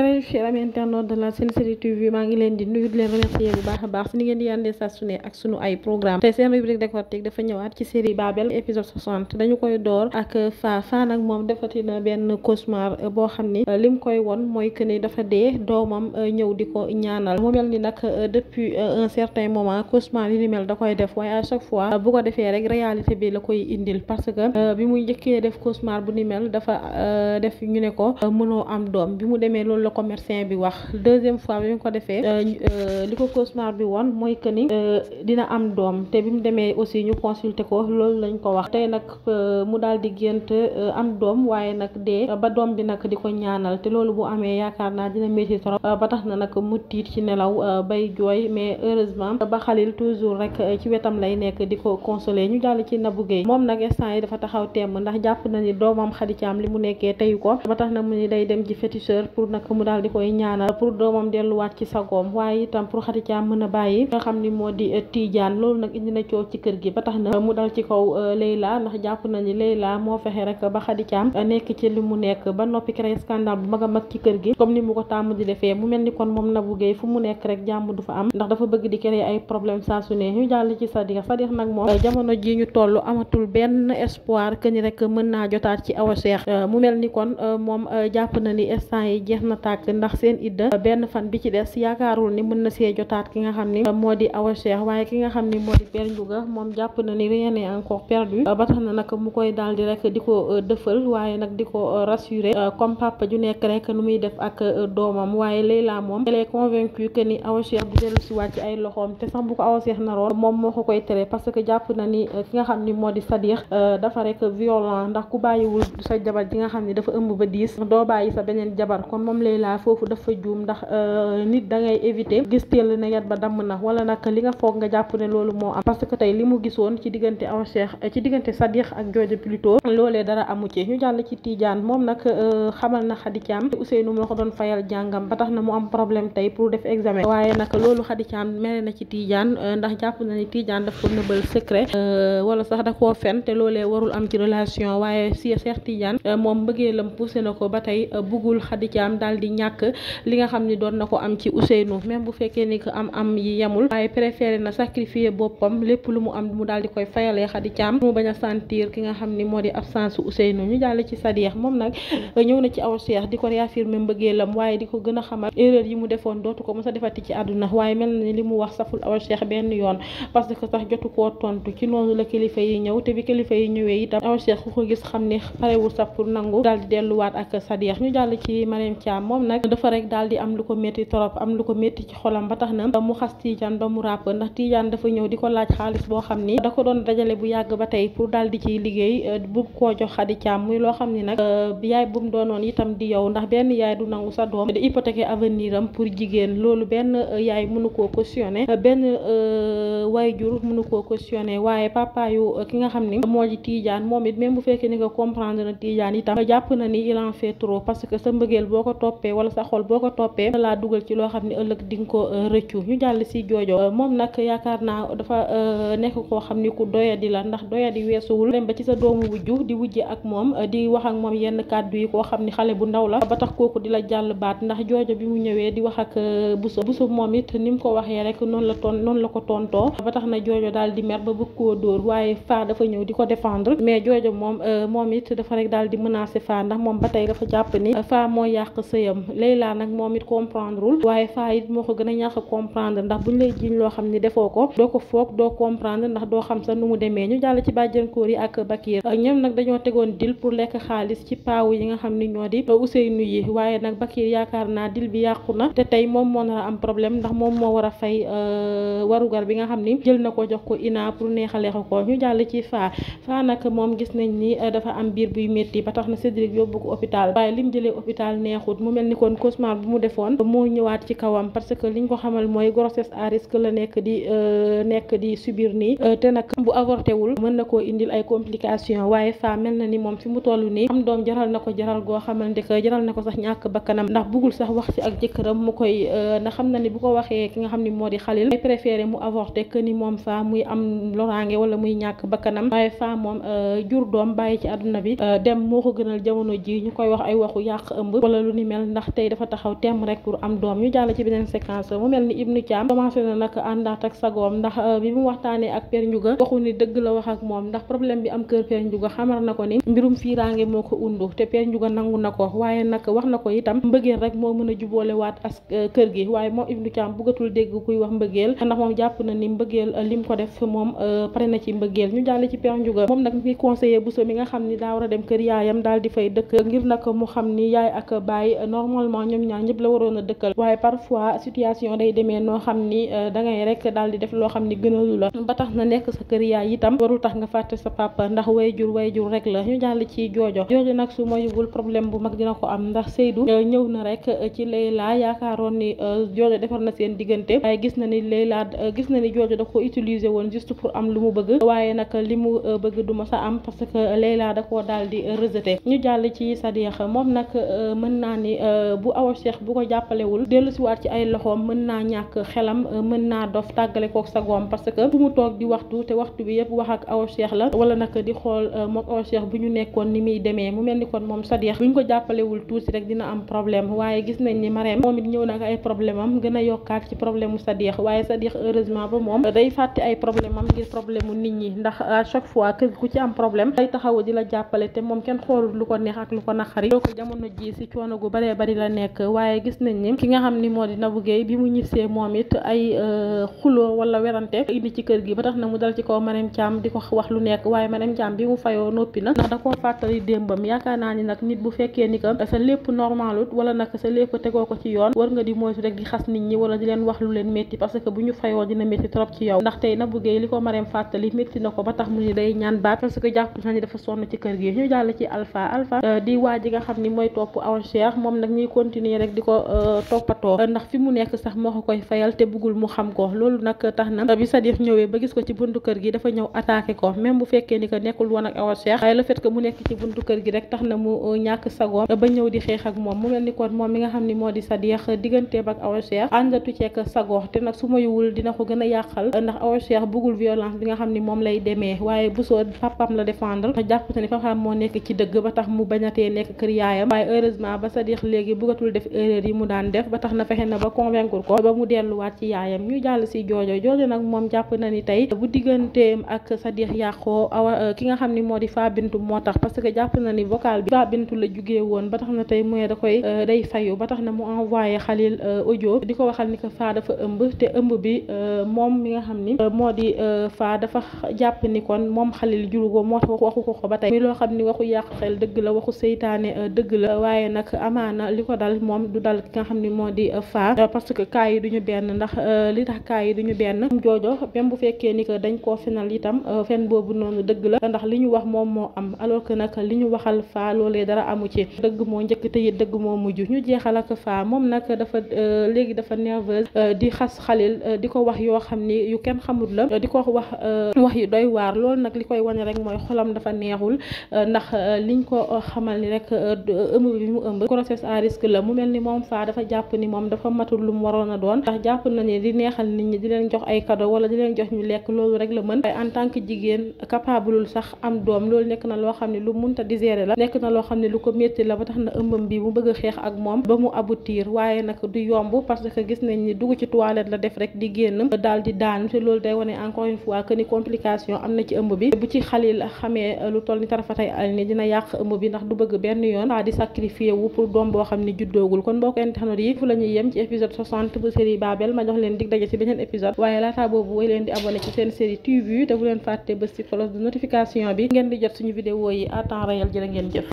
très cher ami internaute de la Sen Série TV maa ngi leen di nuyu di leen remercier bu baax a euh, boo xam ni euh, lim koy won mooy que ni dafa dee doomam euh, ñëw di ko ñaanal mu mel ni nag depuis un certain moment cauchemar yi ni da koy def waaye à chaque fois bu ko defee rek réalité bi la koy indil parce que bi muy njëkkee def cauchemar bu ni dafa def ñu ne ko mënoo am doom bi mu demee loolu la commerçant bi wax deuxième fois bi euh, ñu ko euh, li ko cauchemar bi woon mooy que ni euh, dina am doom te bi mu demee aussi ñu consulter ko loolu lañ ko wax tey nag mu daal di gént am doom waaye nag dee ba doom bi nag di ko ñaanal te loolu bu amee yaakaar naa dina métti ba tax na nag mu tiit ci nelaw bay jooy mais heureusement ba xalil toujours rek ci wetam lay nekk di ko consoler ñu jàll ci na Guèye moom nag instant yi dafa taxaw temm ndax jàpp na ni doomam Khady Thiam li mu nekkee mu daal di koy ñaanal pour doomam delluwaat ci sagoom waaye itam pour Khady mën a bàyyi nga xam ni moo di eh, Tidiane loolu nag indi na coow ci kër gi ba tax na mu dal ci kaw eh, Leila ndax jàpp na ni Leila moo fexe rek ba Khady Thiam eh, nekk ci li mu nekk ba noppi créé scandale bu mag a mag ci kër gi comme ni mu ko tàmm di defee mu mel ni kon moom Nabou Guèye fu mu nekk rek jàmm du dafa bëgg di créer ay problème saa su ne ñu jàll ci Sadikh Sadikh nag moom jamono ji ñu toll amatul benn espoir que ni rek naa jotaat ci Awa Cheikh mu mel ni kon moom jàpp na ni instant yi jeex na tàkk ndax seen idda benn fan bi ci des yaakaarul ni mën na see jotaat ki nga xam ni moo di Awa Cheikh waaye ki nga xam ni moo di Père Ndiouga moom jàpp na ni rien n'est encore perdu ba tax na nag mu koy daal rek di ko euh, dëfal waaye nag di ko euh, rassurer euh, comme papa nekk rek nu muy def ak doomam waaye Leila moom elle est convaincue ni Awa Cheikh bu dellu si wàcc ay loxoom te sax bu ko Awa Cheikh naroon moom moo ko koy tere parce que jàpp na ni ki nga xam ni moo di Sadikh dafa rek violent ndax ku bàyyiwul sa jabar ji nga xam ni dafa ëmb ba diis doo bàyyi sa beneen jabar kon moom Leila foofu dafa juum ndax euh, nit da ngay éviter gis teel na yat ba damm na wala nag li nga foog nga jàpp ne loolu moo am parce que tey li mu gisoon ci diggante en ci diggante Sadikh ak jooja plutôt loolee dara amu ci ñu jàll ci Tidiane moom nag euh, xamal na Khady Thiam Ousseynou moo ko doon fayal jàngam ba tax na mu am problème tey pour def examen waaye nag loolu Khady Thiam mere na ci Tidiane euh, ndax jàpp na ni Tidiane daf ko nëbbal secret wala sax da koo daal di ñàkk li nga xam ni doon na ko am ci Ousseynou même bu fekkee ni que am am yi yemul waaye préféré na sacrifier boppam lépp lu mu am mu daal di koy fayalee Khady Thiam mu bañ a sentir ki nga xam ni moo di absence Ousseynou ñu jàll ci Sadikh moom nag ñëw ci aw di ko réaffirmer mbëggeelam waaye di ko gën a xamal erreur yi mu defoon dootu ko mës a defati ci àdduna waaye mel na li mu wax saful aw benn yoon parce que sax jotu koo tontu ci noonu la kilifa yi ñëw te bi kilifa yi ñëwee itam aw Cheikh ku ko gis xam ni parewul sax pour nangu daal di delluwaat ak Sadikh ñu jàll moom nag dafa rek daal di am lu ko métti trop am lu ko métti ci xolam ba tax na mu xas Tidiane ba mu ràpp ndax Tidiane dafa ñëw di ko laaj xaalis boo xam ni da ko doon dajale bu yàgg ba tey pour daal di ciy liggéey euh, bu koo jox Khady Thiam muy loo xam ni nag euh, yaay bu mu doonoon itam di yow ndax benn yaay du nangu sa doom di hypothéquer avenir am pour jigéen loolu benn euh, yaay mënu koo cautionné benn waajur mënu koo cautionné waaye papa ki nga xam ni moo ji Tidiane moom it même bu fekkee ni ko comprendre na Tidiane itam jàpp na ni il en parce que sa mbëggeel boo ko topp toppee wala sa xol boo ko toppee laa dugal ci loo xam ne ëllëg di nga ko euh, rëccu ñu jàll si joojo euh, moom nag yaakaar naa dafa euh, nekk koo xam ni ku doyadi la ndax doyadi weesuwul dem ba ci sa doomu wujju di wujje ak moom di wax ak moom yenn kàddu yi koo xam ni xale bu ndaw la ba tax kooku di la jàll baat ndax joojo bi mu ñëwee di wax ak buso buso moom it ni mu ko waxee rek noonu la ton noonu la ko tontoo ba tax na joojo daal di mer ba bëgg koo dóor waaye faa dafa ñëw di ko défendre mais joojo moom moom it dafa rek daal di menacer faa ndax moom ba tey dafa jàpp ni faa moo yàq sëy jëm Layla nag moom it comprendrewul waaye Faa it moo ko gën a ñàkk a comprendre ndax buñ lay jiñ loo xam ni defoo ko doo ko foog doo comprendre ndax doo xam sa nu mu demee ñu jàll ci bàjjen kóor yi ak Bakir ñoom nag na te tey moom a am problème ndax moom moo war a fay euh, warugar bi nga na Faa Faa nag moom gis nañ ni euh, dafa am biir buy métti ba tax na Cédric yóbbu ko hôpital waaye lim jëlee hôpital neexut mu mel ni kon cauchemar bu mu defoon moo ñëwaat ci kawam parce que liñ ko xamal mooy grossesse à la nekk di euh, nekk di subir nii euh, te nag bu avorté wul mën na koo indil ay complications waaye fa mel na ni moom fi mu toll nii am doom jaral na ko jaral goo xamante que jaral na ko sax ñàkk bakkanam ndax bugul sax wax ci ak jëkkëram mu koy euh, ndax xam na ni bu ko waxee ki nga xam ni moo di xalil ay préféré mu avorté que ni moom fa muy am loraange wala muy ñàkk bakkanam waaye fa moom doom bàyyi ci bi dem moo ko gënal ndax tey dafa taxaw temm rek pour am doom ñu jàll ci beneen séquence mu mel ni Ibnu Thiam commencé na nag àndaat ak sagoom ndax euh, bi mu waxtaanee ak Père Ndiouga waxu ni dëgg la wax ak moom ndax problème bi am kër Père Ndiouga na ko ni mbirum fiiraange moo ko undu te Père nangu na ko waaye nag wax na ko itam mbëggeel rek moo mën a juboole waat as euh, kër gi waaye moom Ibnu Thiam bëggatul dégg kuy wax mbëggeel ndax moom jàpp na ni mbëggeel euh, lim ko def moom pare na ci mbëggeel ñu jàll ci Père Ndiouga moom nag mi conseiller Bousso mi nga xam ni daa war a dem kër yaayam daal di fay dëkk ngir nag mu xam ni normalement ñoom ñaar ñëpp la waroon a dëkkal waaye parfois situation day demee noo xam ni euh, da rek daal di def loo xam ni gënalu la ba tax na nekk sa kër yaay itam warul tax nga fàtte sa papa ndax wayjur wayjur rek la ñu jàll ci joojo joojo nag su moyuwul problème bu mag dina ko am ndax Seydou euh, ñëw na rek euh, ci Leila yaakaaroon ni joojo defar na seen diggante waaye gis na ni Leila gis na ni joojo da ko utiliser woon juste pour am lu mu bëgg waaye nag li mu bëgg du ma sa am parce que Leila da koo daal di rejeté ñu jàll ci Sadiq moom nag mën naa ni Euh, bu Awa Cheikh bu ko jàppalewul dellu siwaat ci ay loxoom mën naa ñàkk xelam euh, mën naa dof tàggale kook sagoom parce que bu mu toog di waxtu te waxtu bi yëpp wax ak Awa Cheikh la wala nag di xool euh, mook Awa Cheikh bu ñu nekkoon ni muy demee mu mel ni kon moom Sadikh bu ñu ko jàppalewul tuuti rek dina am problème waaye gis nañ ni Marème moom it ñëw na ay problème am gën a yokkaat ci problème mu Sadikh waaye sa Sadikh heureusement ba moom day fàtte ay problème am ngir problème mu nit ñi ndax à chaque fois ku ci am problème day taxaw di la jàppale te moom kenn xoolul ko neex bare bari la nekk waaye gis nañ ni ki nga xam ni moo di Nabou Guèye bi mu ñibsee moom it ay euh, xuloo wala werante indi ci kër gi ba tax na mu dal ci kaw mu fayoo dina métti trop ci yow ndax tey Nabou Guèye li ko Marème fàttali métti na ko ba tax mu ni day ñaan baat parce que jàpp na ni dafa sonn ci kër gi ñu jàll ci Alpha Alpha euh, di waa ji nga xam ni mooy topp Awa moom kon nag ñuy continuer rek di ko euh, toppatoo ndax fi mu nekk sax moo ko koy fayal te bëggul mu xam ko loolu nag tax na bi Sadikh ñëwee ba gis ko ci buntu kër gi dafa ñëw attaqué ko même bu fekkee ni que nekkul woon ak Awa Cheikh nekk ci buntu kër gi rek tax na mu euh, ñàkk sagoom ba di xeex ak moom mu mel ni kon moom mi nga xam ni moo di Sadikh digganteem ak Awa Cheikh àndatu ceek sagoo te nag su ma yuwul dina ko gën a yàqal ndax Awa Cheikh bëggul violence bi nga xam ni moom lay demee waaye bu soo papam la défendre jàpp na ni papam moo nekk ci dëgg ba tax mu bañatee nekk kër yaayam waaye heureusement ba Sadikh léegi bëggatul def erreur yi mu daan def ba tax na fexe na ba convaincre ko ba mu delluwaat ci yaayam ñu jàll si joojoo joojo nag moom jàpp na ni tey bu digganteem ak sa Sadikh yàqoo awa euh, ki nga xam ni moo di Faa moo tax parce que jàpp na ni vocal bi Faa la jugee woon ba na tey mu da koy euh, day fayu ba tax na mu envoyé Xalil euh, audio di ko waxal ni que Faa dafa ëmb te ëmb bi moom mi nga xam ni moo di Faa dafa jàpp ni kon moom Xalil juru moo waxu ko ko ba tey mi loo xam ni waxu yàq xel dëgg la waxu seytaane dëgg la waaye nag amaana na li ko dal moom du dal ki nga xam ni moo di euh, faa euh, parce que cas yi du ñu benn ndax euh, li tax cas yi du ñu benn joojo même bu fekkee ni que dañ koo fenal itam fen boobu noonu dëgg la ndax li ñu wax moom moo am alors que nag li ñu waxal faa loolee dara amu ci dëgg moo njëkk te dëgg moo mujj ñu jeexal ak faa moom nag dafa léegi dafa nerveuse di xas xalil di ko wax yoo xam ni yu kenn xamut la di ko wax wax yi doy waar loolu nag li koy wane rek mooy xolam dafa neexul ndax liñ ko xamal ni rek ëmb bi mu ëmb à risque la mu mel ni moom faa dafa jàpp ni moom dafa matul lu waroon a doon ndax jàpp na ni di neexal nit ñi di leen jox ay cadeau wala di leen jox ñu lekk la mën na loo xam ne ko métti la ba tax na ëmbam bi mu bëgg a xeex ak moom ba mu aboutir waaye nag du yomb parce que gis nañ ni dugg ci toilette la def rek di génn daal di daanu te loolu day wane encore une fois que complication am na ci ëmb bi bu ci xalil xamee lu toll ni tarafatay al ni dina yàq ëmb bi ndax du bëgg benn yoon saa di sacrifier wu boo xam juddoogul kon boo ko internet yi fu la yem ci épisode 60 bu série Baabel ma jox leen dig daje ci beneen épisode waaye laata boobu way leen di abonné ci seen série TV te bu leen fàtte ba ci cloche notification bi ngeen di jot suñu vidéo yi à temps réel ngeen jëf